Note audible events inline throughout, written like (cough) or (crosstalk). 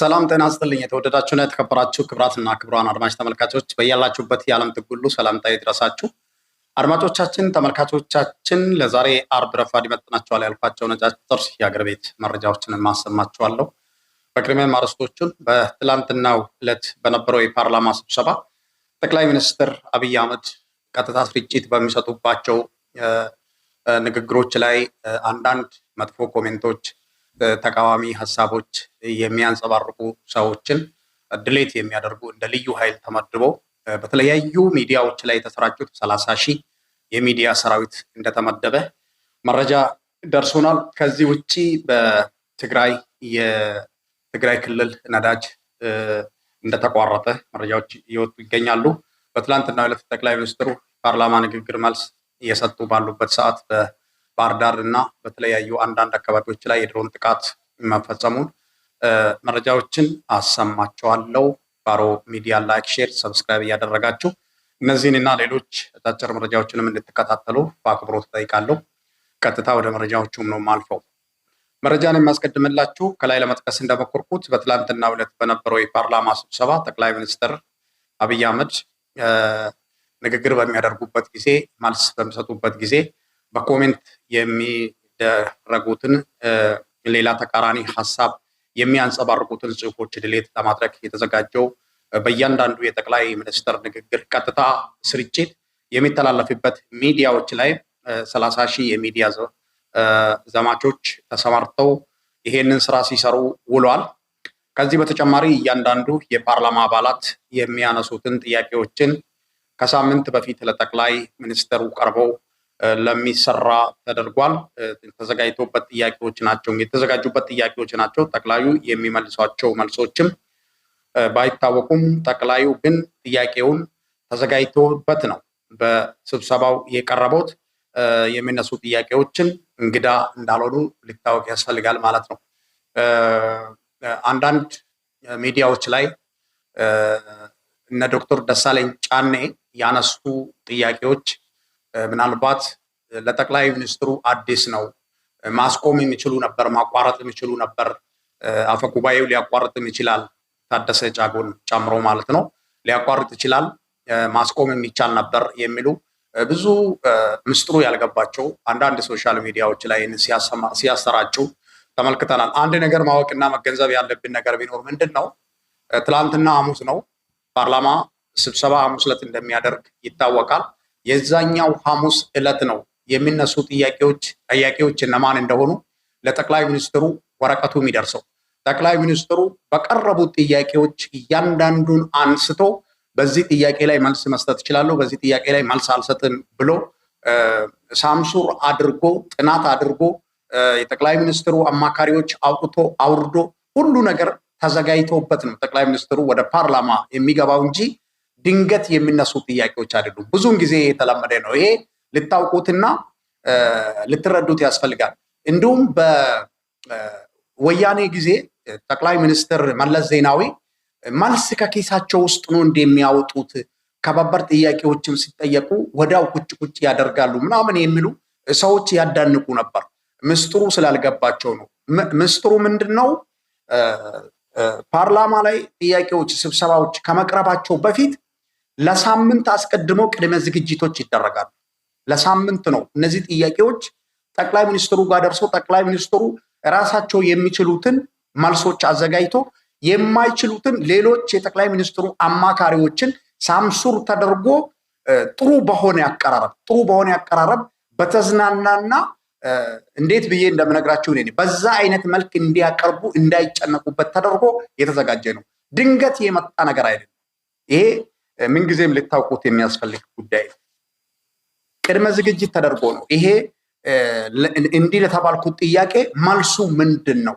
ሰላም ጤና ይስጥልኝ። የተወደዳችሁና የተከበራችሁ ክብራትና ክብሯን አድማጭ ተመልካቾች በያላችሁበት የዓለም ጥግ ሁሉ ሰላምታ ይድረሳችሁ። አድማጮቻችን፣ ተመልካቾቻችን ለዛሬ አርብ ረፋድ ይመጥናቸዋል ያልኳቸው ነጫጭር የአገር ቤት መረጃዎችን ማሰማችኋለሁ። በቅድሚያ ማረስቶቹን በትላንትናው ዕለት በነበረው የፓርላማ ስብሰባ ጠቅላይ ሚኒስትር አብይ አህመድ ቀጥታ ስርጭት በሚሰጡባቸው ንግግሮች ላይ አንዳንድ መጥፎ ኮሜንቶች ተቃዋሚ ሀሳቦች የሚያንጸባርቁ ሰዎችን ድሌት የሚያደርጉ እንደ ልዩ ኃይል ተመድበው በተለያዩ ሚዲያዎች ላይ የተሰራጩት ሰላሳ ሺህ የሚዲያ ሰራዊት እንደተመደበ መረጃ ደርሶናል። ከዚህ ውጭ በትግራይ የትግራይ ክልል ነዳጅ እንደተቋረጠ መረጃዎች እየወጡ ይገኛሉ። በትላንትና ዕለት ጠቅላይ ሚኒስትሩ ፓርላማ ንግግር መልስ እየሰጡ ባሉበት ሰዓት ባህር ዳር እና በተለያዩ አንዳንድ አካባቢዎች ላይ የድሮን ጥቃት መፈጸሙን መረጃዎችን አሰማቸዋለው ባሮ ሚዲያ ላይክ፣ ሼር፣ ሰብስክራይብ እያደረጋችሁ እነዚህን እና ሌሎች አጫጭር መረጃዎችንም እንድትከታተሉ በአክብሮት እጠይቃለሁ። ቀጥታ ወደ መረጃዎቹም ነው ማልፈው። መረጃን የሚያስቀድምላችሁ ከላይ ለመጥቀስ እንደመኮርኩት በትላንትና ዕለት በነበረው የፓርላማ ስብሰባ ጠቅላይ ሚኒስትር አብይ አህመድ ንግግር በሚያደርጉበት ጊዜ፣ መልስ በሚሰጡበት ጊዜ በኮሜንት የሚደረጉትን ሌላ ተቃራኒ ሀሳብ የሚያንጸባርቁትን ጽሁፎች ድሌት ለማድረግ የተዘጋጀው በእያንዳንዱ የጠቅላይ ሚኒስትር ንግግር ቀጥታ ስርጭት የሚተላለፍበት ሚዲያዎች ላይ ሰላሳ ሺህ የሚዲያ ዘማቾች ተሰማርተው ይሄንን ስራ ሲሰሩ ውሏል። ከዚህ በተጨማሪ እያንዳንዱ የፓርላማ አባላት የሚያነሱትን ጥያቄዎችን ከሳምንት በፊት ለጠቅላይ ሚኒስትሩ ቀርበው ለሚሰራ ተደርጓል። ተዘጋጅቶበት ጥያቄዎች ናቸው የተዘጋጁበት ጥያቄዎች ናቸው። ጠቅላዩ የሚመልሷቸው መልሶችም ባይታወቁም ጠቅላዩ ግን ጥያቄውን ተዘጋጅቶበት ነው በስብሰባው የቀረቡት። የሚነሱ ጥያቄዎችን እንግዳ እንዳልሆኑ ሊታወቅ ያስፈልጋል ማለት ነው። አንዳንድ ሚዲያዎች ላይ እነ ዶክተር ደሳለኝ ጫኔ ያነሱ ጥያቄዎች ምናልባት ለጠቅላይ ሚኒስትሩ አዲስ ነው። ማስቆም የሚችሉ ነበር፣ ማቋረጥ የሚችሉ ነበር። አፈጉባኤው ሊያቋርጥም ይችላል፣ ታደሰ ጫጎን ጨምሮ ማለት ነው። ሊያቋርጥ ይችላል፣ ማስቆም የሚቻል ነበር የሚሉ ብዙ ምስጢሩ ያልገባቸው አንዳንድ ሶሻል ሚዲያዎች ላይ ሲያሰራጩ ተመልክተናል። አንድ ነገር ማወቅና መገንዘብ ያለብን ነገር ቢኖር ምንድን ነው? ትላንትና ሐሙስ ነው ፓርላማ ስብሰባ ሐሙስ ዕለት እንደሚያደርግ ይታወቃል። የዛኛው ሐሙስ ዕለት ነው የሚነሱ ጥያቄዎች ጥያቄዎች እነማን እንደሆኑ ለጠቅላይ ሚኒስትሩ ወረቀቱ የሚደርሰው። ጠቅላይ ሚኒስትሩ በቀረቡት ጥያቄዎች እያንዳንዱን አንስቶ በዚህ ጥያቄ ላይ መልስ መስጠት እችላለሁ፣ በዚህ ጥያቄ ላይ መልስ አልሰጥም ብሎ ሳምሱር አድርጎ ጥናት አድርጎ የጠቅላይ ሚኒስትሩ አማካሪዎች አውጥቶ አውርዶ ሁሉ ነገር ተዘጋጅቶበት ነው ጠቅላይ ሚኒስትሩ ወደ ፓርላማ የሚገባው እንጂ ድንገት የሚነሱ ጥያቄዎች አይደሉም። ብዙውን ጊዜ የተለመደ ነው። ይሄ ልታውቁትና ልትረዱት ያስፈልጋል። እንዲሁም በወያኔ ጊዜ ጠቅላይ ሚኒስትር መለስ ዜናዊ መልስ ከኪሳቸው ውስጥ ነው እንደሚያወጡት ከባባድ ጥያቄዎችም ሲጠየቁ ወዲያው ቁጭ ቁጭ ያደርጋሉ ምናምን የሚሉ ሰዎች ያዳንቁ ነበር። ምስጢሩ ስላልገባቸው ነው። ምስጢሩ ምንድን ነው? ፓርላማ ላይ ጥያቄዎች፣ ስብሰባዎች ከመቅረባቸው በፊት ለሳምንት አስቀድመው ቅድመ ዝግጅቶች ይደረጋሉ። ለሳምንት ነው። እነዚህ ጥያቄዎች ጠቅላይ ሚኒስትሩ ጋር ደርሶ ጠቅላይ ሚኒስትሩ ራሳቸው የሚችሉትን መልሶች አዘጋጅቶ የማይችሉትን ሌሎች የጠቅላይ ሚኒስትሩ አማካሪዎችን ሳምሱር ተደርጎ ጥሩ በሆነ አቀራረብ ጥሩ በሆነ አቀራረብ በተዝናናና እንዴት ብዬ እንደምነግራችሁ እኔ በዛ አይነት መልክ እንዲያቀርቡ እንዳይጨነቁበት ተደርጎ የተዘጋጀ ነው። ድንገት የመጣ ነገር አይደለም ይሄ ምንጊዜም ልታውቁት የሚያስፈልግ ጉዳይ ነው። ቅድመ ዝግጅት ተደርጎ ነው ይሄ እንዲህ ለተባልኩት ጥያቄ መልሱ ምንድን ነው?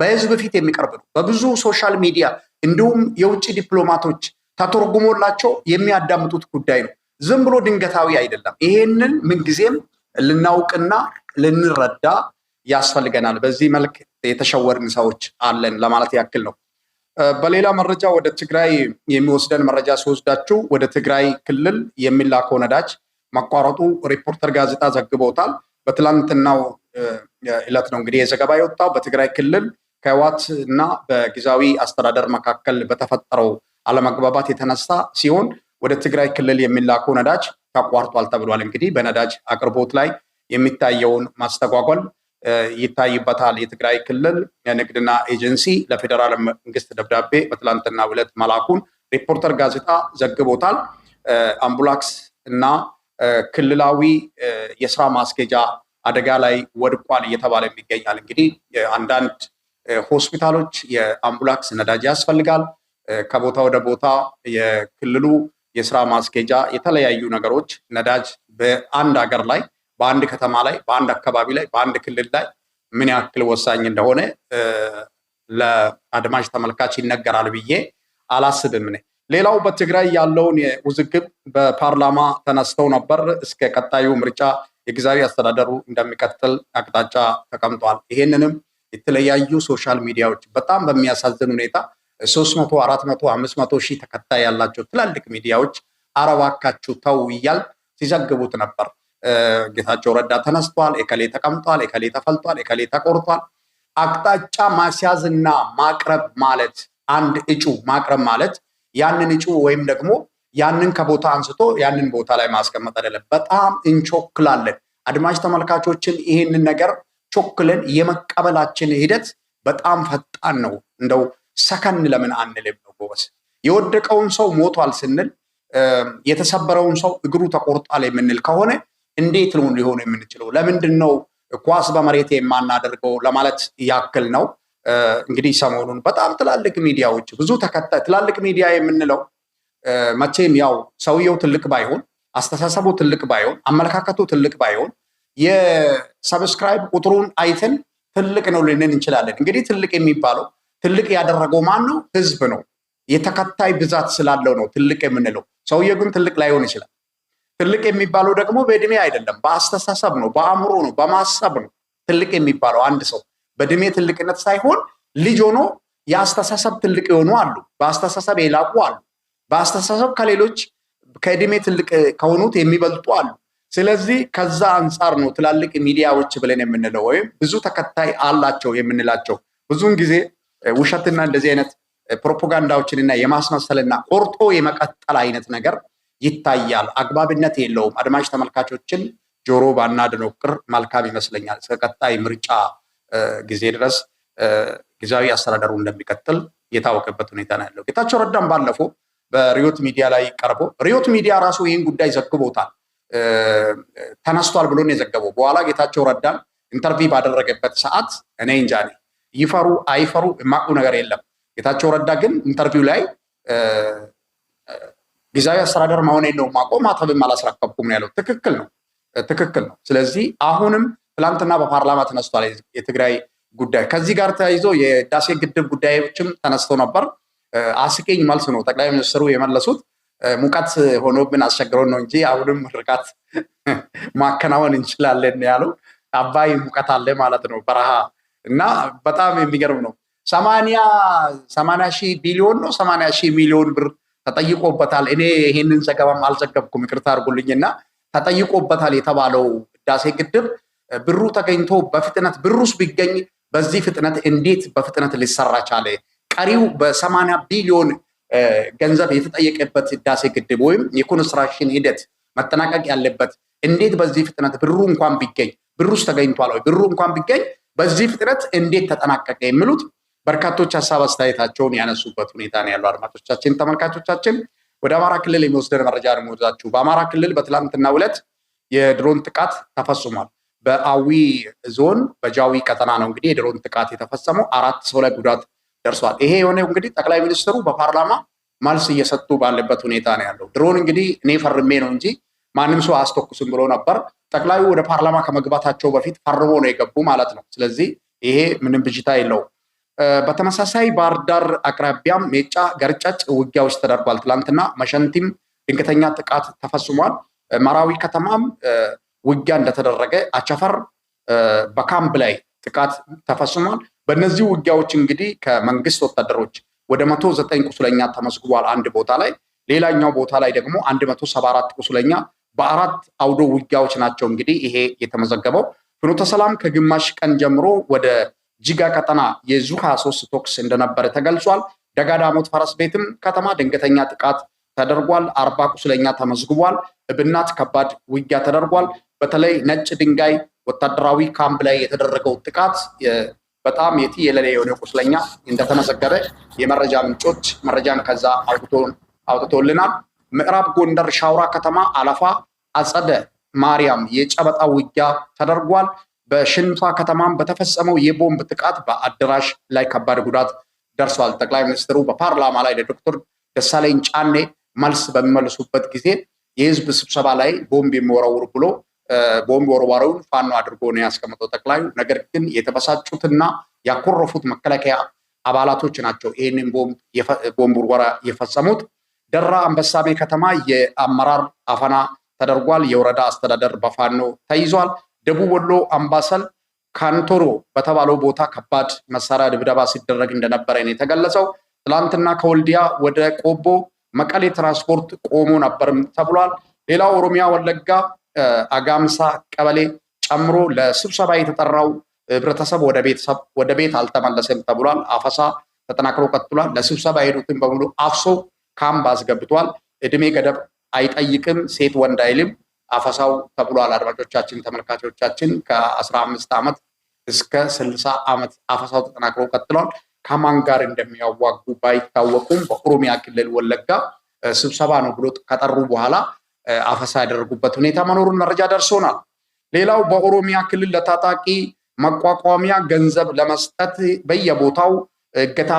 በህዝብ ፊት የሚቀርብ ነው። በብዙ ሶሻል ሚዲያ እንዲሁም የውጭ ዲፕሎማቶች ተተርጉሞላቸው የሚያዳምጡት ጉዳይ ነው። ዝም ብሎ ድንገታዊ አይደለም። ይሄንን ምንጊዜም ልናውቅና ልንረዳ ያስፈልገናል። በዚህ መልክ የተሸወርን ሰዎች አለን ለማለት ያክል ነው። በሌላ መረጃ ወደ ትግራይ የሚወስደን መረጃ ሲወስዳችሁ ወደ ትግራይ ክልል የሚላከው ነዳጅ ማቋረጡ ሪፖርተር ጋዜጣ ዘግበውታል። በትላንትናው እለት ነው እንግዲህ የዘገባ የወጣው በትግራይ ክልል ከህወሓት እና በጊዜያዊ አስተዳደር መካከል በተፈጠረው አለመግባባት የተነሳ ሲሆን ወደ ትግራይ ክልል የሚላከው ነዳጅ ተቋርጧል ተብሏል። እንግዲህ በነዳጅ አቅርቦት ላይ የሚታየውን ማስተጓጓል ይታይበታል። የትግራይ ክልል የንግድና ኤጀንሲ ለፌዴራል መንግስት ደብዳቤ በትላንትና ዕለት መላኩን ሪፖርተር ጋዜጣ ዘግቦታል። አምቡላክስ እና ክልላዊ የስራ ማስኬጃ አደጋ ላይ ወድቋል እየተባለ የሚገኛል። እንግዲህ አንዳንድ ሆስፒታሎች የአምቡላክስ ነዳጅ ያስፈልጋል። ከቦታ ወደ ቦታ የክልሉ የስራ ማስኬጃ የተለያዩ ነገሮች ነዳጅ በአንድ ሀገር ላይ በአንድ ከተማ ላይ በአንድ አካባቢ ላይ በአንድ ክልል ላይ ምን ያክል ወሳኝ እንደሆነ ለአድማጭ ተመልካች ይነገራል ብዬ አላስብም። እኔ ሌላው በትግራይ ያለውን ውዝግብ በፓርላማ ተነስተው ነበር። እስከ ቀጣዩ ምርጫ የጊዜያዊ አስተዳደሩ እንደሚቀጥል አቅጣጫ ተቀምጧል። ይሄንንም የተለያዩ ሶሻል ሚዲያዎች በጣም በሚያሳዝን ሁኔታ ሶስት መቶ አራት መቶ አምስት መቶ ሺህ ተከታይ ያላቸው ትላልቅ ሚዲያዎች አረባካችሁ ተው እያል ሲዘግቡት ነበር። ጌታቸው ረዳ ተነስቷል፣ እከሌ ተቀምጧል፣ እከሌ ተፈልጧል፣ እከሌ ተቆርጧል። አቅጣጫ ማስያዝና ማቅረብ ማለት አንድ እጩ ማቅረብ ማለት ያንን እጩ ወይም ደግሞ ያንን ከቦታ አንስቶ ያንን ቦታ ላይ ማስቀመጥ አይደለም። በጣም እንቾክላለን። አድማጭ ተመልካቾችን ይህንን ነገር ቾክልን የመቀበላችን ሂደት በጣም ፈጣን ነው። እንደው ሰከን ለምን አንልም ነው ጎበስ። የወደቀውን ሰው ሞቷል ስንል የተሰበረውን ሰው እግሩ ተቆርጧል የምንል ከሆነ እንዴት ነው ሊሆኑ የምንችለው? ለምንድን ነው ኳስ በመሬት የማናደርገው ለማለት ያክል ነው። እንግዲህ ሰሞኑን በጣም ትላልቅ ሚዲያዎች ብዙ ተከታይ ትላልቅ ሚዲያ የምንለው መቼም ያው ሰውየው ትልቅ ባይሆን አስተሳሰቡ ትልቅ ባይሆን አመለካከቱ ትልቅ ባይሆን የሰብስክራይብ ቁጥሩን አይተን ትልቅ ነው ልንን እንችላለን። እንግዲህ ትልቅ የሚባለው ትልቅ ያደረገው ማን ነው? ህዝብ ነው። የተከታይ ብዛት ስላለው ነው ትልቅ የምንለው። ሰውየው ግን ትልቅ ላይሆን ይችላል። ትልቅ የሚባለው ደግሞ በእድሜ አይደለም፣ በአስተሳሰብ ነው፣ በአእምሮ ነው፣ በማሰብ ነው ትልቅ የሚባለው። አንድ ሰው በእድሜ ትልቅነት ሳይሆን ልጅ ሆኖ የአስተሳሰብ ትልቅ የሆኑ አሉ፣ በአስተሳሰብ የላቁ አሉ፣ በአስተሳሰብ ከሌሎች ከእድሜ ትልቅ ከሆኑት የሚበልጡ አሉ። ስለዚህ ከዛ አንጻር ነው ትላልቅ ሚዲያዎች ብለን የምንለው ወይም ብዙ ተከታይ አላቸው የምንላቸው። ብዙውን ጊዜ ውሸትና እንደዚህ አይነት ፕሮፓጋንዳዎችንና የማስመሰልና ቆርጦ የመቀጠል አይነት ነገር ይታያል። አግባብነት የለውም። አድማጭ ተመልካቾችን ጆሮ ባናድነው ቅር መልካም ይመስለኛል። እስከ ቀጣይ ምርጫ ጊዜ ድረስ ጊዜያዊ አስተዳደሩ እንደሚቀጥል የታወቀበት ሁኔታ ነው ያለው። ጌታቸው ረዳም ባለፈው በሪዮት ሚዲያ ላይ ቀርቦ ሪዮት ሚዲያ ራሱ ይህን ጉዳይ ዘግቦታል። ተነስቷል ብሎ ነው የዘገበው። በኋላ ጌታቸው ረዳን ኢንተርቪው ባደረገበት ሰዓት እኔ እንጃ ይፈሩ አይፈሩ የማቁ ነገር የለም። ጌታቸው ረዳ ግን ኢንተርቪው ላይ ጊዜያዊ አስተዳደር መሆኔን ነው ማቆም ማተብም አላስረከብኩም ነው ያለው። ትክክል ነው፣ ትክክል ነው። ስለዚህ አሁንም ትላንትና በፓርላማ ተነስቷል የትግራይ ጉዳይ። ከዚህ ጋር ተያይዞ የህዳሴ ግድብ ጉዳዮችም ተነስተው ነበር። አስቂኝ መልስ ነው ጠቅላይ ሚኒስትሩ የመለሱት። ሙቀት ሆኖብን አስቸግሮን ነው እንጂ አሁንም ርቃት (laughs) ማከናወን እንችላለን ያለው። አባይ ሙቀት አለ ማለት ነው በረሃ እና በጣም የሚገርም ነው። ሰማንያ ሺህ ቢሊዮን ነው ሰማንያ ሺህ ሚሊዮን ብር ተጠይቆበታል። እኔ ይህንን ዘገባም አልዘገብኩም ይቅርታ አድርጉልኝና ተጠይቆበታል የተባለው ህዳሴ ግድብ ብሩ ተገኝቶ በፍጥነት ብሩስ ቢገኝ በዚህ ፍጥነት እንዴት በፍጥነት ሊሰራ ቻለ? ቀሪው በሰማንያ ቢሊዮን ገንዘብ የተጠየቀበት ህዳሴ ግድብ ወይም የኮንስትራክሽን ሂደት መጠናቀቅ ያለበት እንዴት በዚህ ፍጥነት ብሩ እንኳን ቢገኝ ብሩስ ተገኝቷል ወይ? ብሩ እንኳን ቢገኝ በዚህ ፍጥነት እንዴት ተጠናቀቀ? የሚሉት በርካቶች ሀሳብ አስተያየታቸውን ያነሱበት ሁኔታ ነው ያለው። አድማጮቻችን፣ ተመልካቾቻችን ወደ አማራ ክልል የሚወስደን መረጃ ነው በአማራ ክልል በትላንትናው ዕለት የድሮን ጥቃት ተፈጽሟል። በአዊ ዞን በጃዊ ቀጠና ነው እንግዲህ የድሮን ጥቃት የተፈጸመው። አራት ሰው ላይ ጉዳት ደርሷል። ይሄ የሆነው እንግዲህ ጠቅላይ ሚኒስትሩ በፓርላማ መልስ እየሰጡ ባለበት ሁኔታ ነው ያለው። ድሮን እንግዲህ እኔ ፈርሜ ነው እንጂ ማንም ሰው አያስተኩስም ብሎ ነበር። ጠቅላዩ ወደ ፓርላማ ከመግባታቸው በፊት ፈርሞ ነው የገቡ ማለት ነው። ስለዚህ ይሄ ምንም ብጅታ የለውም። በተመሳሳይ ባህር ዳር አቅራቢያም ሜጫ ገርጨጭ ውጊያዎች ተደርጓል። ትላንትና መሸንቲም ድንገተኛ ጥቃት ተፈጽሟል። መራዊ ከተማም ውጊያ እንደተደረገ፣ አቸፈር በካምፕ ላይ ጥቃት ተፈጽሟል። በእነዚህ ውጊያዎች እንግዲህ ከመንግስት ወታደሮች ወደ መቶ ዘጠኝ ቁስለኛ ተመዝግቧል አንድ ቦታ ላይ ሌላኛው ቦታ ላይ ደግሞ አንድ መቶ ሰባ አራት ቁስለኛ በአራት አውዶ ውጊያዎች ናቸው እንግዲህ ይሄ የተመዘገበው። ፍኖተ ሰላም ከግማሽ ቀን ጀምሮ ወደ ጅጋ ቀጠና የዙካ ሶስት ቶክስ እንደነበረ ተገልጿል። ደጋዳሞት ፈረስ ቤትም ከተማ ድንገተኛ ጥቃት ተደርጓል። አርባ ቁስለኛ ተመዝግቧል። እብናት ከባድ ውጊያ ተደርጓል። በተለይ ነጭ ድንጋይ ወታደራዊ ካምፕ ላይ የተደረገው ጥቃት በጣም የት የለለ የሆነ ቁስለኛ እንደተመዘገበ የመረጃ ምንጮች መረጃን ከዛ አውጥቶልናል። ምዕራብ ጎንደር ሻውራ ከተማ አለፋ አጸደ ማርያም የጨበጣ ውጊያ ተደርጓል። በሽንፋ ከተማም በተፈጸመው የቦምብ ጥቃት በአዳራሽ ላይ ከባድ ጉዳት ደርሷል። ጠቅላይ ሚኒስትሩ በፓርላማ ላይ ለዶክተር ደሳለኝ ጫኔ መልስ በሚመልሱበት ጊዜ የህዝብ ስብሰባ ላይ ቦምብ የሚወረውር ብሎ ቦምብ ወርዋሪውን ፋኖ አድርጎ ነው ያስቀምጠው ጠቅላዩ። ነገር ግን የተበሳጩትና ያኮረፉት መከላከያ አባላቶች ናቸው ይህንን ቦምብ ውርወራ የፈጸሙት። ደራ አንበሳሜ ከተማ የአመራር አፈና ተደርጓል። የወረዳ አስተዳደር በፋኖ ተይዟል። ደቡብ ወሎ አምባሰል ካንቶሮ በተባለው ቦታ ከባድ መሳሪያ ድብደባ ሲደረግ እንደነበረ ነው የተገለጸው። ትላንትና ከወልዲያ ወደ ቆቦ መቀሌ ትራንስፖርት ቆሞ ነበርም ተብሏል። ሌላው ኦሮሚያ ወለጋ አጋምሳ ቀበሌ ጨምሮ ለስብሰባ የተጠራው ህብረተሰብ ወደ ቤት አልተመለሰም ተብሏል። አፈሳ ተጠናክሮ ቀጥሏል። ለስብሰባ የሄዱትን በሙሉ አፍሶ ካምፕ አስገብቷል። እድሜ ገደብ አይጠይቅም፣ ሴት ወንድ አይልም። አፈሳው ተብሏል። አድማጮቻችን፣ ተመልካቾቻችን ከአስራ አምስት ዓመት እስከ ስልሳ ዓመት አፈሳው ተጠናክሮ ቀጥሏል። ከማን ጋር እንደሚያዋጉ ባይታወቁም በኦሮሚያ ክልል ወለጋ ስብሰባ ነው ብሎ ከጠሩ በኋላ አፈሳ ያደረጉበት ሁኔታ መኖሩን መረጃ ደርሶናል። ሌላው በኦሮሚያ ክልል ለታጣቂ መቋቋሚያ ገንዘብ ለመስጠት በየቦታው እገታ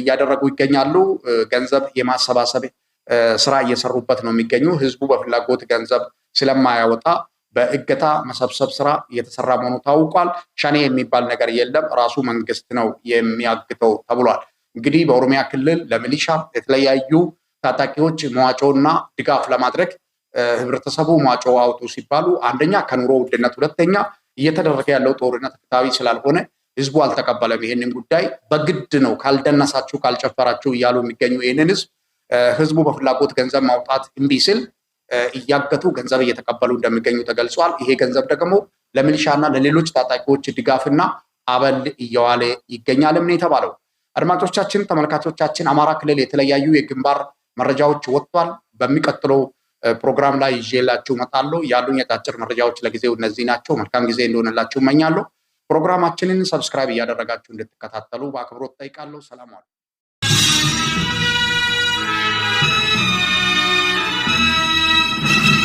እያደረጉ ይገኛሉ። ገንዘብ የማሰባሰብ ስራ እየሰሩበት ነው የሚገኙ ህዝቡ በፍላጎት ገንዘብ ስለማያወጣ በእገታ መሰብሰብ ስራ እየተሰራ መሆኑ ታውቋል። ሸኔ የሚባል ነገር የለም፣ ራሱ መንግስት ነው የሚያግተው ተብሏል። እንግዲህ በኦሮሚያ ክልል ለሚሊሻ የተለያዩ ታጣቂዎች መዋጮና ድጋፍ ለማድረግ ህብረተሰቡ መዋጮ አውጡ ሲባሉ አንደኛ ከኑሮ ውድነት፣ ሁለተኛ እየተደረገ ያለው ጦርነት ፍትሃዊ ስላልሆነ ህዝቡ አልተቀበለም። ይህንን ጉዳይ በግድ ነው ካልደነሳችሁ፣ ካልጨፈራችሁ እያሉ የሚገኙ ይህንን ህዝብ ህዝቡ በፍላጎት ገንዘብ ማውጣት እምቢ ሲል እያገቱ ገንዘብ እየተቀበሉ እንደሚገኙ ተገልጿል። ይሄ ገንዘብ ደግሞ ለሚሊሻና ለሌሎች ታጣቂዎች ድጋፍና አበል እየዋለ ይገኛልም ነው የተባለው። አድማጮቻችን፣ ተመልካቾቻችን አማራ ክልል የተለያዩ የግንባር መረጃዎች ወጥቷል። በሚቀጥለው ፕሮግራም ላይ ይዤላችሁ እመጣለሁ። ያሉኝ የአጫጭር መረጃዎች ለጊዜው እነዚህ ናቸው። መልካም ጊዜ እንደሆነላችሁ እመኛለሁ። ፕሮግራማችንን ሰብስክራይብ እያደረጋችሁ እንድትከታተሉ በአክብሮት ጠይቃለሁ። ሰላም ዋሉ። you